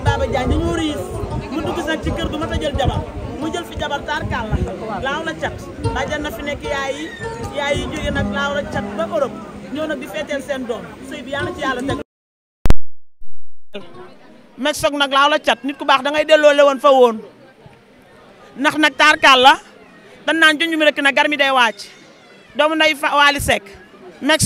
bàyyi dugg nag ci kër gu mat a jël jël fi jabar tarkaal la laaw la cat na fi seen doom sëy bi nag la cat nit ku baax dangay ngay delloo le woon fa woon ndax nag tarkaal la dan naan junj mi rek na gar mi day wàcc doomu nday fa waali sek meg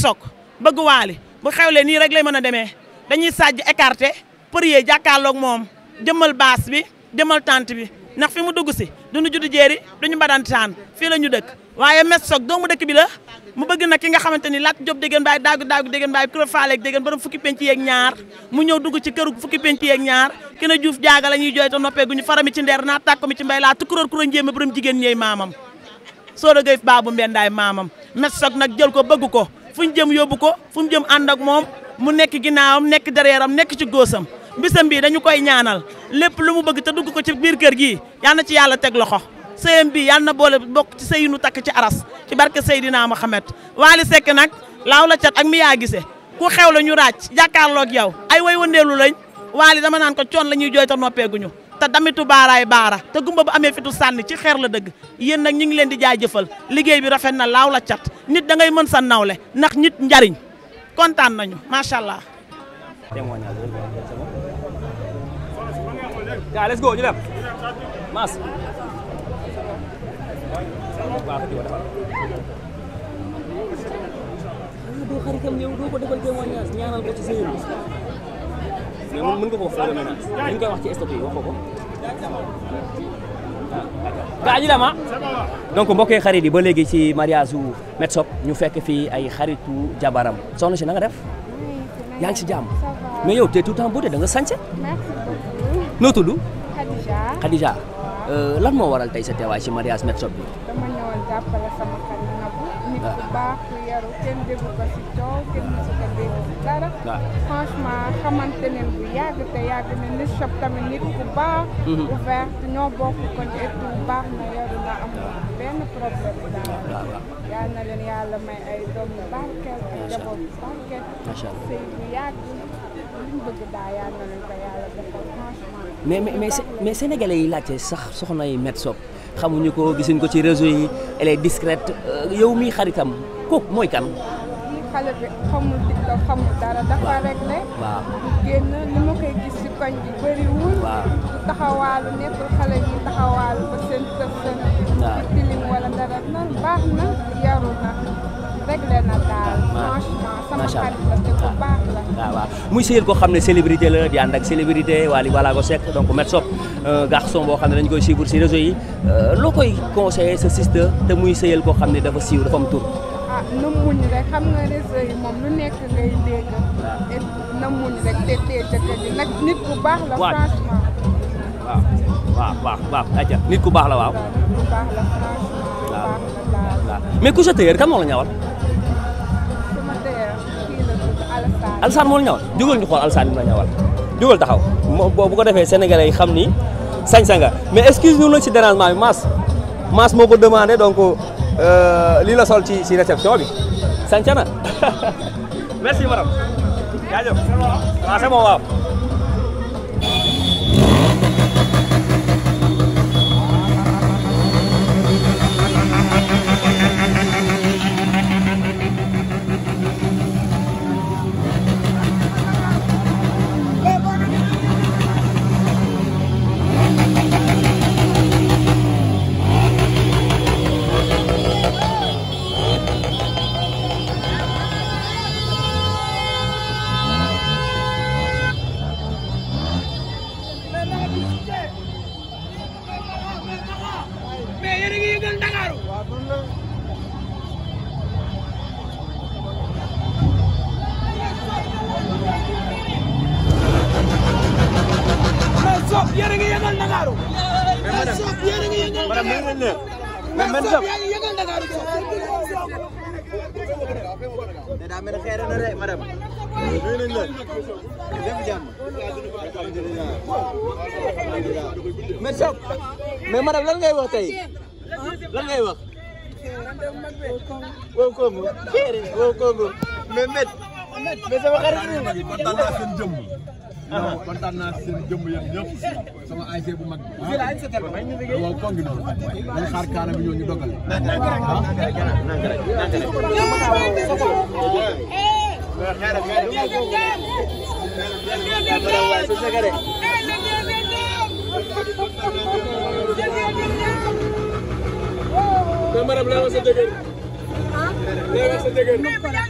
bëgg waali bu xewlee nii rek lay mën a demee dañuy sàjj écarté prier jàkkaarloog moom jëmal baas bi jëmal tante bi ndax fi mu dugg si duñu judd jeeri duñu mbadantaan fii la ñu dëkk waaye mes soog doomu dëkk bi la mu bëgg nag ki nga xamante ni laat job dégeen baay daagu daagu dégeen baay kura faaleeg dégeen borom fukki penc yeeg ñaar mu ñëw dugg ci këru fukki penc yeek ñaar ki na juuf jaaga la ñuy jooy te noppee guñu farami ci ndeer naa tàkko mi ci mbay laa tukkuróor kura njéeme borom jigéen ñëy maamam soo da gay baabu mbendaay maamam mes soog nag jël ko bëgg ko fu ñu jëm yóbbu ko fu mu jëm ànd ak moom mu nekk ginnaawam nekk derrière am nekk ci góosam bisam bii dañu koy ñaanal lépp lu mu bëgg te dugg ko ci biir kër gii yal ci yàlla teg loxo sëyam bii yal na boole bokk ci sëy nu takk ci aras ci barke Seydina Mohamed Waly Seck nag laaw la cat ak mi yaa gise ku xew la ñu ràcc jàkkaarloog yow ay way wandeelu lañ Waly dama naan ko coon la ñuy jooy te noppeeguñu te damitu baaraay baara te gumba bu amee fitu sànni ci xeer la dëgg yéen nag ñu ngi leen di jaajëfal liggéey bi rafet na laaw la cat nit da ngay mën sa nawle ndax nit njariñ kontaan nañu macha allah. gaa let's go ñu dem mas doo ko ci sëy bi mais mën nga foofu maintenant dañ koy wax ci stop yi wax ko ko gaa yi xarit yi ba léegi ci mariage u Met ñu fekk fii ay xaritu jabaram soxna si na nga def ngi si jàmm mais yow te tout le temps beauté da noo tudd. Khadija Khadija euh, lan moo waral tey sa teewaay ci mariage Met bi. dama ñëwoon jàppale sama xarit Nabou. nit ku ah. baax ku yaru kenn déggu ko ci coow kenn dégg ci dara. Ah. franchement xamante bu yàgg te yàgg na Met Shop tamit nit ku baax. ouvert mhm. ñoo bokk ko ci et tout baax na yaru na benn problème daal. Ah, yal na leen yàlla may ay doom yu ay njaboot yu barkeel. allah sëy bu yàgg li bëgg daal yal na leen ko yàlla defal. mais mais mais sénégalais yi laajte sax soxna yi Met Shop xamuñu ko gisuñ ko ci réseau yi elle est discrète euh, yow miy xaritam kooku mooy kan. xale bi xamul TikTok xamul dara dafa rek waaw génn li ma koy gis ci koñ bi bëriwul. waaw taxawaalu nekkul xale yi taxawaalu ba seen tëb seen. waaw tilim wala dara nan baax na yaru na na daal franchement. macha allah waaw ah, waaw muy séyal koo xam ne célébrité la di ànd ak célébrité Wally Ballago Seck donc Met Sop garçon boo xam ne dañ koy suivre si réseau yi euh, loo koy conseillé te muy séyal koo xam ne dafa siiw dafa am tur ah, na muñ rek te tee jëkkër nit ku baax la franchement waaw waaw waaw ku baax la waaw nit ku baax Alassane moo la ñawal jógal ñu xool Alassane bi la ñawal jógal taxaw bu ko defee sénégalais yi xam ni sañ-sañ nga mais excuse ñu nag si dérangement bi Mass Mass moo ko demandé donc euh, lii la sol ci si réception bi sañ na merci madame jaajëf waaw c'est waaw sama gitu, Kamera belakang sedikit. Belakang sedikit.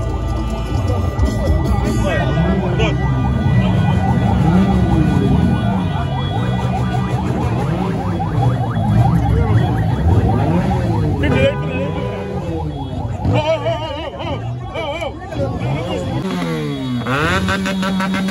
no, no, no, no, no.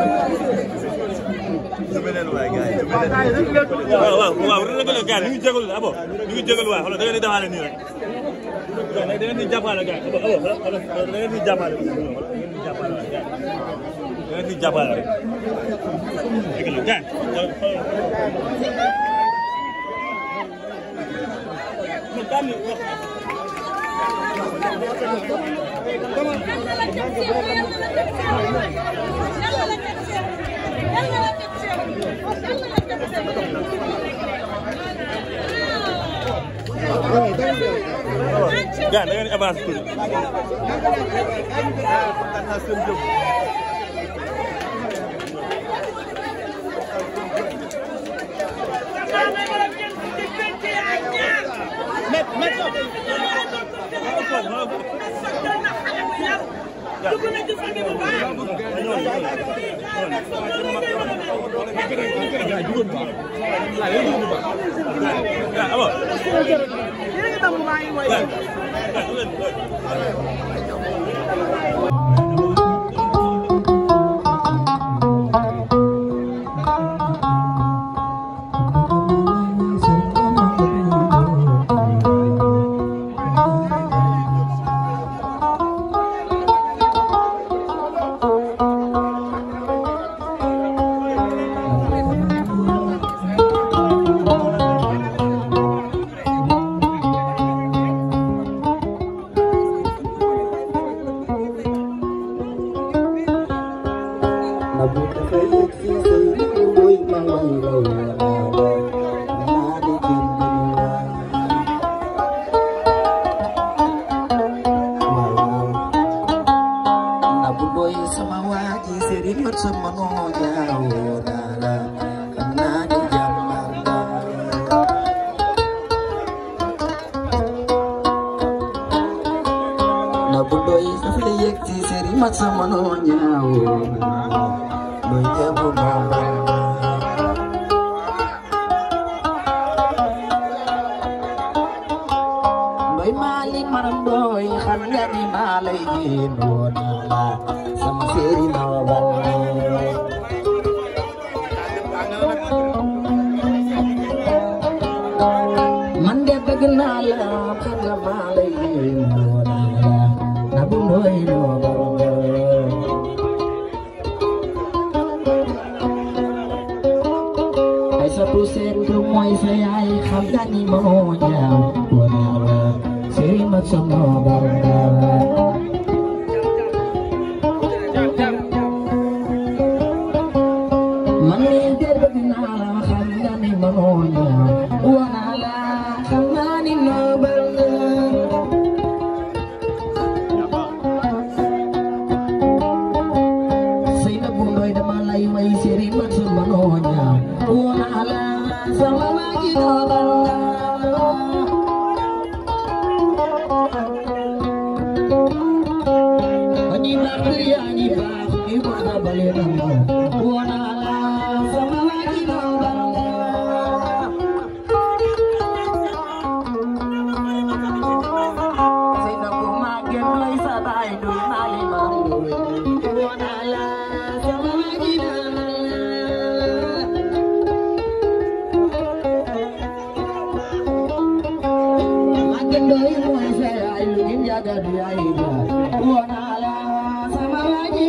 waaw waaw waaw rëgg-rëgg gars yi ñu ngi jégalu abo ñu ngi jégalu waay xoolal da ngeen di defaale nii rek da ngeen di jàppale gars yi abo da ngeen di jàppale da ngeen di jàppale waay gars yi da ngeen di jàppale rek dégg nga gars yi yaa da ngeen di avancé tuuti. dugg na ci famille bu baax laay duggoon bu baax laay duggoon bu baax waaw amoo. Somebody. diya ida wana la samawati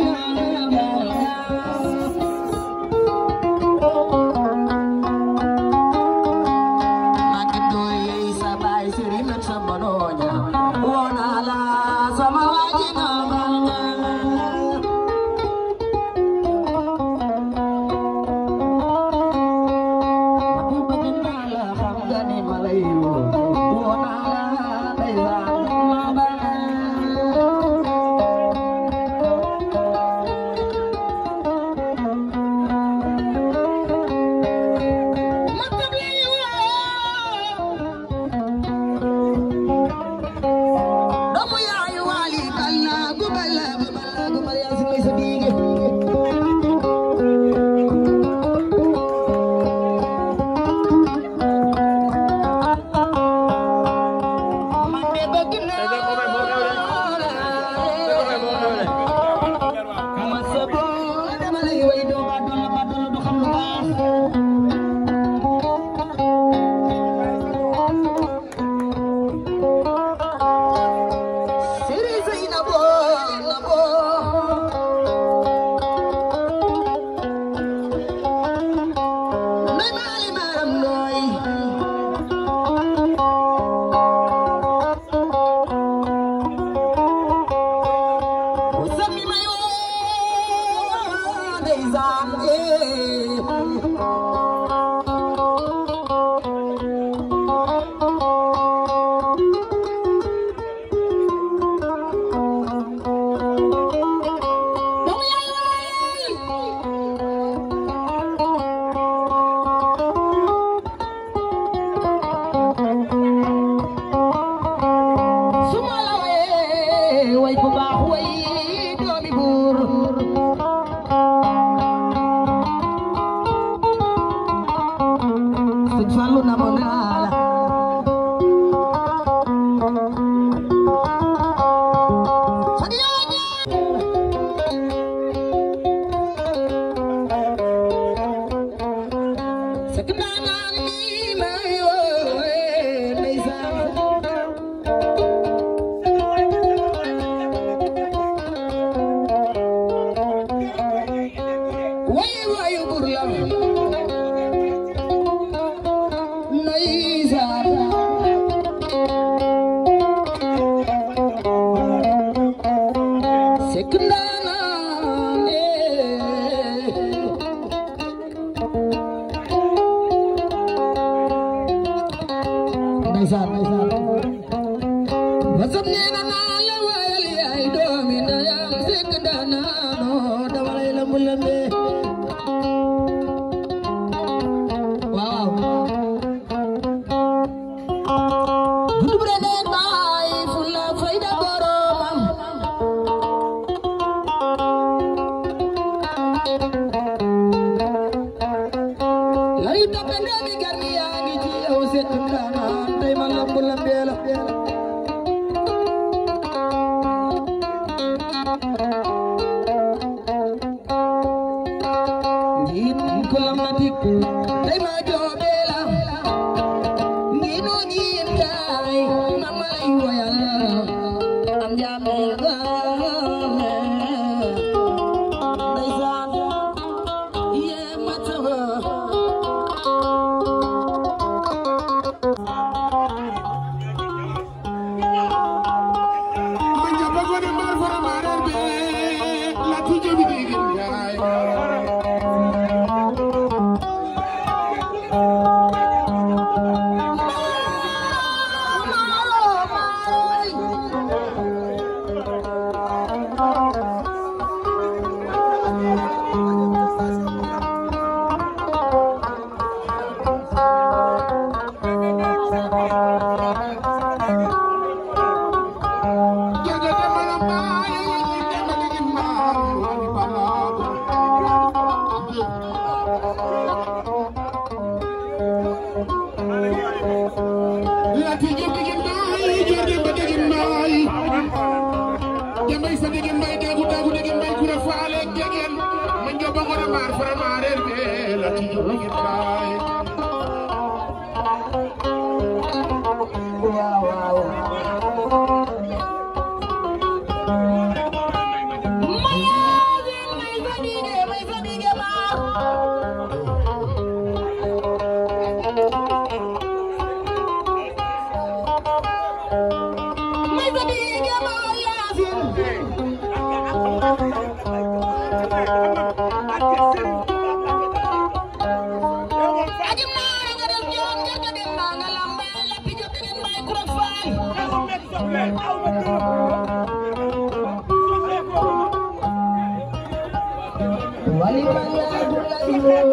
Música Wali mangga bulan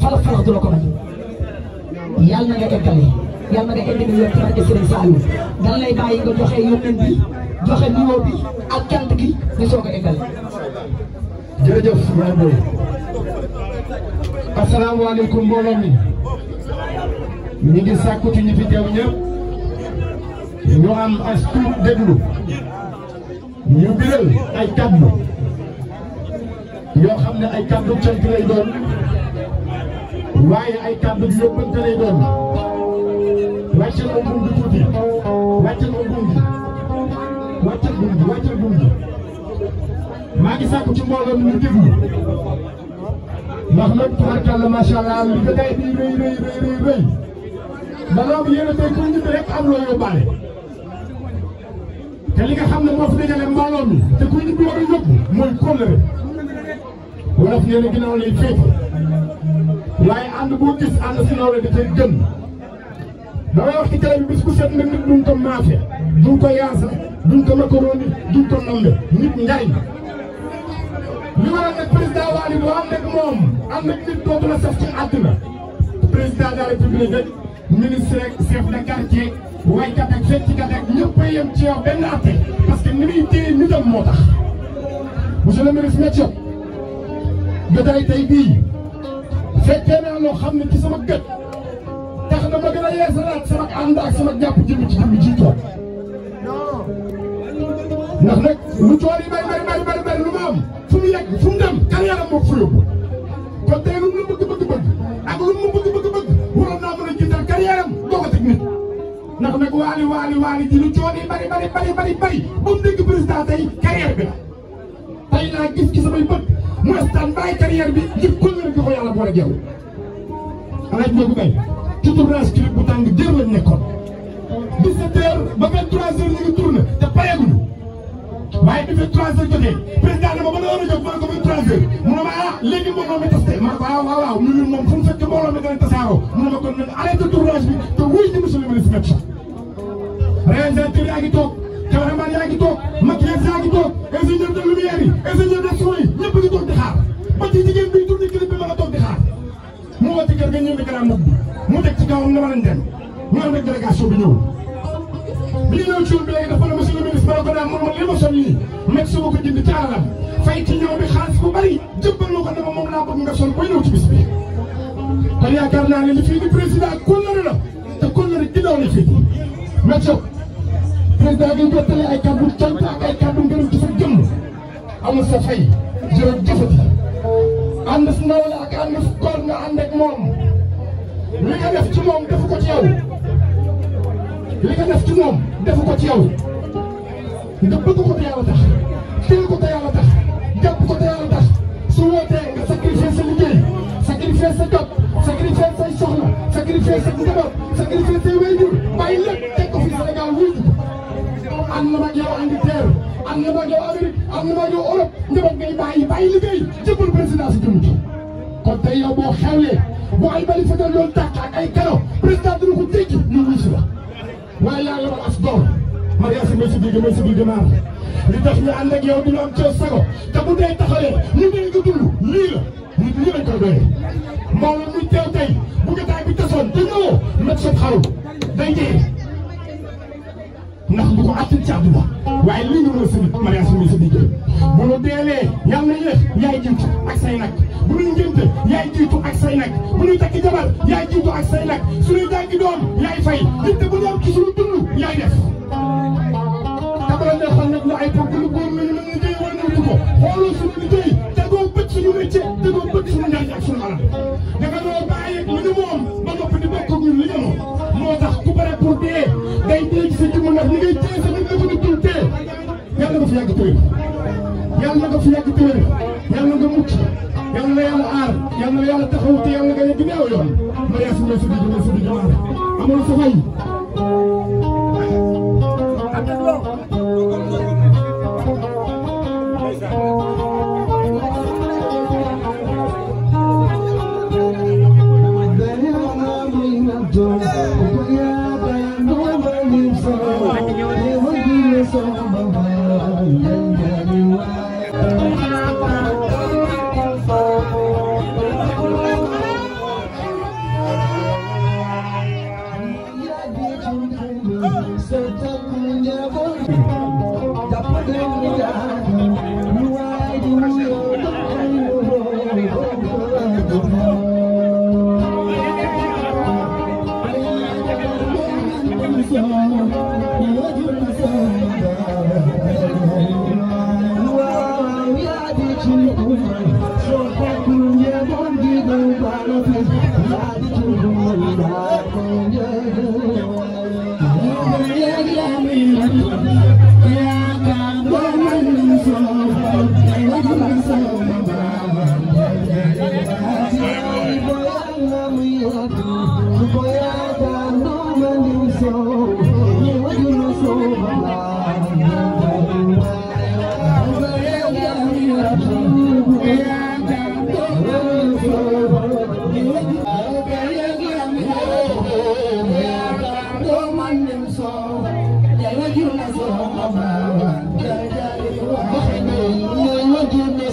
xoolal xalaat du la ko may yàlla na nga eggale yàlla na nga dan lay bàyyi nga joxe yónneen bi joxe nuyoo bi ak cant gi nga soog a eggale. jërëjëf Baye Boye. asalaamaaleykum as tuut déglu. ñu biral ay ne ay kaddu cant lay waaye ay kàddu gi yëppante lay doon wàccal ma buum bi tuuti wàccal ma buum bi wàccal buum bi wàccal buum bi maa ngi sàkku ci mbooloo mi ñu déglu ndax nag tubaarkàlla macha allah li ko day di rëy rëy rëy rëy rëy danoo bi yéen a tey ku ñu rek am loo yóbbaale te li nga xam ne moo fi dajale mbooloo mi te ku ñu war a yóbbu mooy kóllëre wolof nee na ginnaaw lay féete ànd boo gis ànd si da cay wax ci télé bi bis ku set na nit duñ ko maafe duñ ko yaasa duñ ko macaroni duñ ko nambe nit njaay li waral nag président Wally boo am nag moom am nag nit dootu la saf ci àdduna président de la république rek ministre ak chef de quartier waykat ak fecckat ak ñëpp a yem ci yow benn atte parce que ni muy téye moo tax monsieur le ministre Mathieu jotaay tey bii fekkee naa loo xam ne ci sama gët tax na ma gën a yeesalaat sama ànd ak sama jàpp jëm ci jëm ci tool ndax nag lu tool yi bay bay bay bay bay lu ma am fu mu yegg fu mu dem kan yaram moo fu yóbbu kon tey lu mu bëgg bëgg bëgg ak lu mu bëgg bëgg bëgg waroon naa mën a jiital kan yaram doo ko teg nit ndax nag waali waali waali ji lu coono yi bari bari bari bari bari ba mu dégg président tey carrière bi la tey laa gis ci samay bët mu daan bàyyi carrière bi ci couleur bi ko yàlla boole ak yow. alaaj boobu bay ci tournage clip bu tàng jër lañ nekkoon 17h ba 23h ñu ngi tourné te pareeguñu waaye bi 23h jotee président dama ba doon a jóg man ko 23h mu ne ma ah léegi mbooloo mi tas ma ne ah, mu fekk mbooloo mi gën a tasaaroo mu bi te wuy ci monsieur le ministre médecin réalisateur yaa ngi toog cameraman yaa ngi toog maquillage yaa ngi toog ingénieur de lumière yi ingénieur de son yi ñëpp ngi toog di xaar ba ci jigéen bi tourné clip bi ma nga toog di xaar mu wàcc kër ga ñëw di gannaaw mbubb mu teg ci kawam na ma leen dem ñu ànd ak délégation bi ñëw bi ñu ñëw cuur bi léegi dafa ne monsieur le ministre bala ko daan man man li ma sol nii nekk sama ko jënd ci alalam fay ci ñëw bi xaalis a bari jëbbal ma ko dama moom laa bëgg nga sol koy ñëw ci bis bi kon yaakaar naa ne li fii di président kóllëre la te président di jottali ay kàddu cant ak ay kàddu ngërëm ci sa jëmm amul sa fay jërëm jëfati ànd si ndaw la ak ànd si góor nga ànd ak moom li nga def ci moom defu ko ci yow li nga def ci moom defu ko ci yow nga bëgg ko te yàlla tax téye ko te yàlla tax jàpp ko te yàlla tax su wootee nga sacrifier sa liggéey sacrifier sa jot sacrifier say soxla sacrifier sa njaboot sacrifier say wéyjur bàyyi lépp teg ko fi Sénégal wuy am na mag yow Angleterre am na mag yow Amérique am na mag yow Europe njaboot ngay bàyyi bàyyi liggéey jëppal président si jëm ci. kon tey yow boo xewlee bu ay bali fa doon loolu tàkk ak ay karaw président dina ko tëj ñu wuyu si la waaye yàlla war as door Maria si monsieur Dieng monsieur li tax ñu ànd ak yow du ñu am coow sago te bu dee taxalee ñu ngi nga dund lii la lii lii lañ koy doyee. Mbooloo muy teew tey bu jotaay bi tasoon te ñëwoo nag sot xaru day dee. ndax du ko attan ci àdduna waaye lii nga mën a sëñ mariage mooy sa liggéey bu nu deelee yàlla na yéex yaay jiitu ak say nag bu nuy ngénte yaay jiitu ak say nag bu nuy takki jabar yaay jiitu ak say nag suñuy jàngi doom yaay fay itte bu ñu am ci suñu dund yaay def te bu la neexoon nag ñu ay pour lu góor ñu ne liggéey war nañu ko xooloo suñu liggéey tegoo bët suñu métier tegoo bët suñu fi yàgg tëwér yàlla na nga fi yàgg tëwér yàlla na nga mucc yàlla na yàlla aar yàlla na yàlla taxaw te yàlla nga yegg gaaw yoon si ñoo sa didi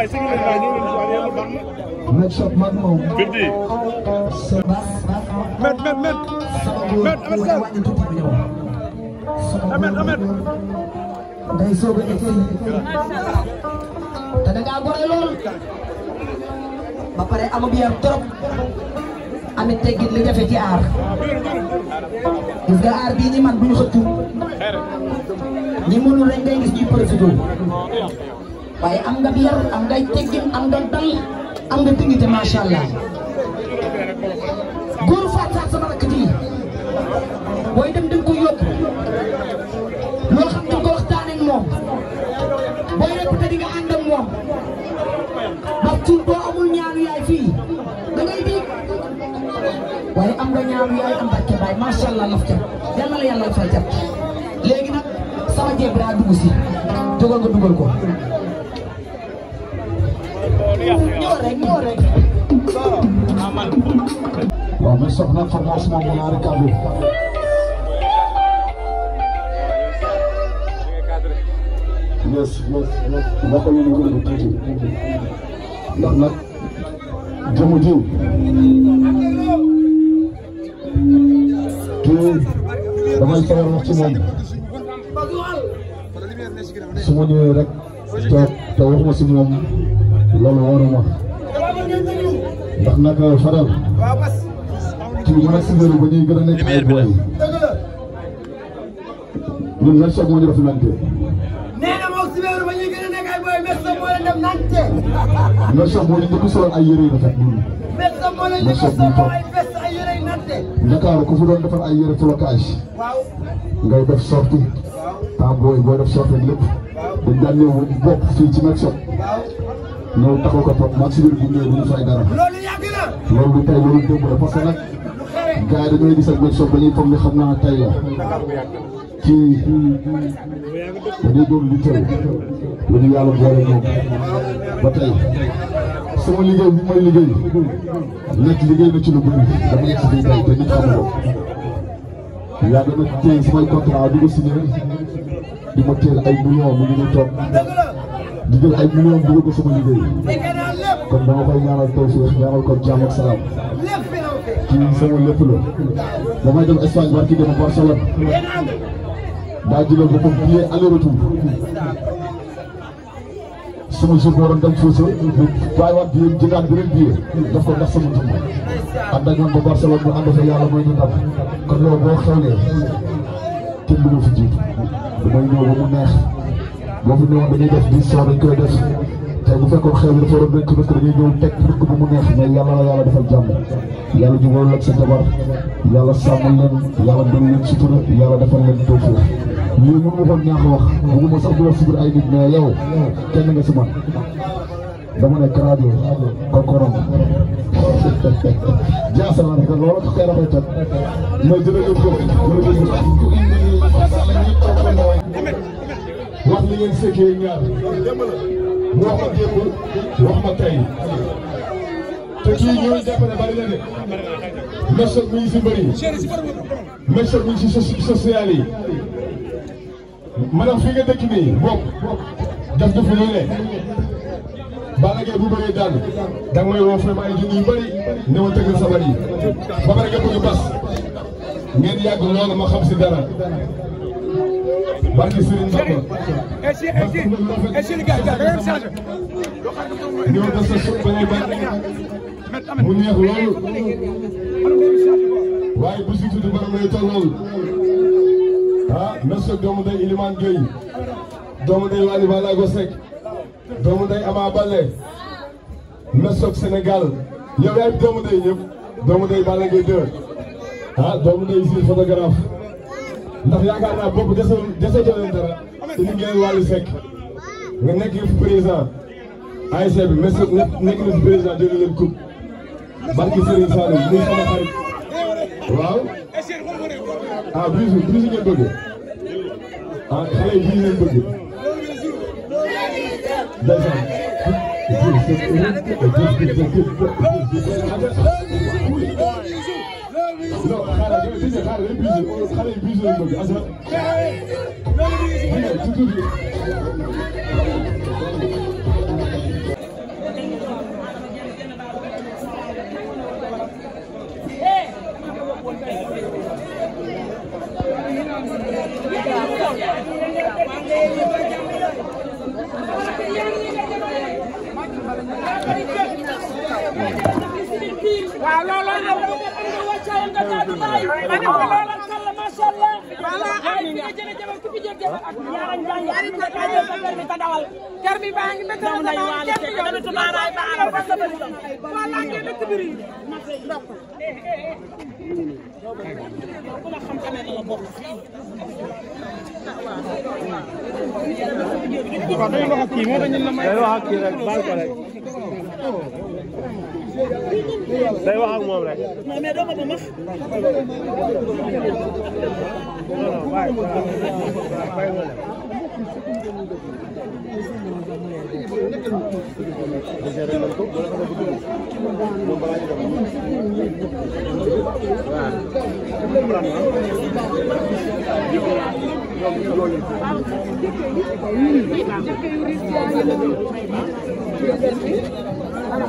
Met shot mag moom. Fifty. Met met met. Met Ahmed Sall. Ahmed Ahmed. Day soog a egsi. Te da ngaa gore lool. Ba pare Amit teggin li jafe ci aar. Gis nga aar bii ni man bu ñu xëccu. Ñi Baik am nga yar am ngay teggin am nga dal am nga allah sama dem dem koy yóbbu loo xam ne ko waxtaanee ak moom booy répété di nga ànd ak amul ñaanu yaay fii da ngay dégg waaye am nga yaay allah la fay sama dugal dugal ko ñorek ñorek waaw mais soxna Formose yes yes yes bokk ñu ñu ngi tuuti ndax nag jëmu jiw kii damay faral wax ci semuanya rek toog te loolu waroon wax ndax naka euh, faral ci mën a ba ñuy gën a nekk ay booy ñun mer soog moo ñu def nante nee na moom siggaru ba ñuy gën a nante mer soog moo ñu njëkk ay yére yu rafet ñun mer soog moo ay yére yu nante Ndakaaru ku fi doon defar ay yére flocage ngay def sorti temps booy booy def sorti lépp dañ daan ñëw bopp fii ci mer soog ñëw taxaw ko toog maag si biir bu ñëwee bu ñu fay dara loolu du tey loolu démb la parce que nag gars yi dañuy gis ak Met xam naa tey la ci dañuy doon lu tey lu ñu yàlla ba tey sama liggéey bi liggéey nekk liggéey na ci lu bëri dama yegg si fii tey te nit xamu ko yaa dama téye samay mu ngi ñu toog di jël ay millions dugal ko sama liggéey kon dama koy ñaanal taw suuf ñaanal ko jàmm ak kii sama lépp la damay dem Espagne barki dem Barcelone daa jëlal ba comme billet aller retour sama jour boo doon dem Foussa daf ko ndax sama jumb ànd ak ñoom ba Barcelone ñu ànd fa yàlla mooy ñu ndam kon loolu boo xewlee kenn du ma fi jiitu damay ñëw ba neex boo fi ñëwoon dañuy def dix cent dañ koy def te bu fekkoon xew li dafa war a nekk rek dañuy ñëw teg rek bu mu neex mais yàlla la yàlla defal jàmm yàlla jubóo leen sa jabar yàlla sàmm leen yàlla dal leen sutura yàlla defal leen tawfiq lii mun ma foog ñaax wax bëgguma sax di wax subir la rek loolu xëy wax li ngeen fekkee ñaar wax ma démb wax ma tey te kii ñooñu jàpp ne bari na de médecin mi ngi si mbëri médecin mi ngi si social yi maanaam fi nga dëkk nii bokk def du fi lu ne Balla bu bëree daan da nga may ay junni yu ne ma tëggal sabar yi ba pare nga bëgg bas ngeen yàgg loolu ma xam si dara barke Serigne Bamba. est-ce que est-ce que gars gars da ngeen changé. ñëw na sa suuf waaye bu si tudd borom lay tollool. ah monsieur doomu day doomu day Waly Balago Seck. doomu day Ama Baldé. doomu day ñëpp. doomu day Balla Gaye 2. Ah, doomu day si photographe. ndax yaakaar naa bopp dara wàllu nga nekk président ASC bi nekk président jëlee leen coupe barki Serigne muy sama xarit waaw ah bisu bisu ngeen bëgg ah xale yi bisu ngeen bëgg waaye xale yi bisu lañ bëgg asa. waaw looloo jërëjëf ku fi jël jëfal ak yaran jàng ari ko ka jël jëfal mi ta dawal kër bi baa ngi metti na sama kër bi dama tuma raay ba ala fa sama jom ko la ngi dëkk biri ndok ko la xam tamé la bokk ko dañu wax ak kii mo dañu la may wax ak kii rek baal ko rek day wax ak moom rek. non mais doo ma ba max. waaw ah,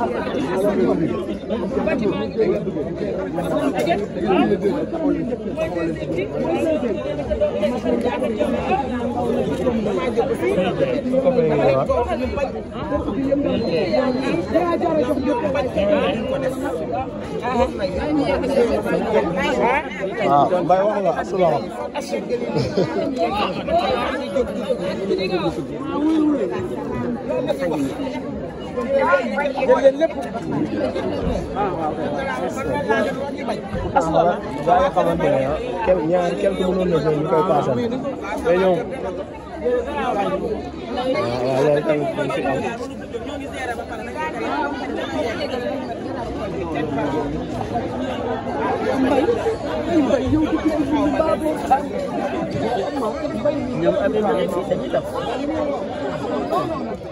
Mbaye wax nga asalaamaaleykum jël lépp asla ba nga xamante ne kel ñaar quelque mënoon na jël ñu koy paasal mais ñoom waaw loolu tamit dañ ci am ñoom am nañu ci dañuy def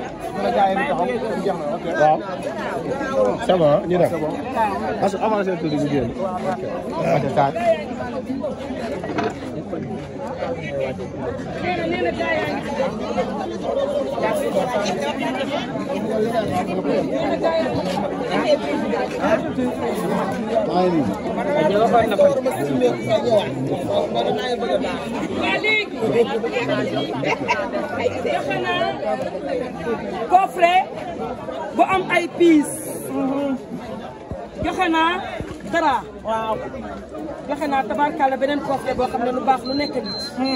waaw ça va ñu def parce que avancé tuuti bu génn Malik coffret bu am ay piis joxe naa dara waaw joxe naa tabarkalla beneen coffret boo xam ne lu baax lu nekk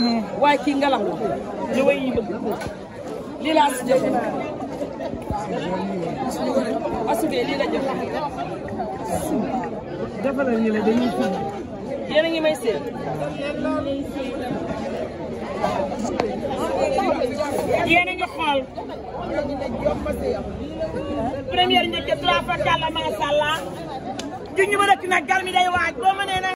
nit waaye kii ngalam la li way yi bëgg lii si joxe lii la joxe defalal ñi la dañuy yéen a ngi may seet yéen a ngi xool première njëkk trois fois kàlla macha allah juñ ñu ma rëkk nag gar day waaj boo mënee nag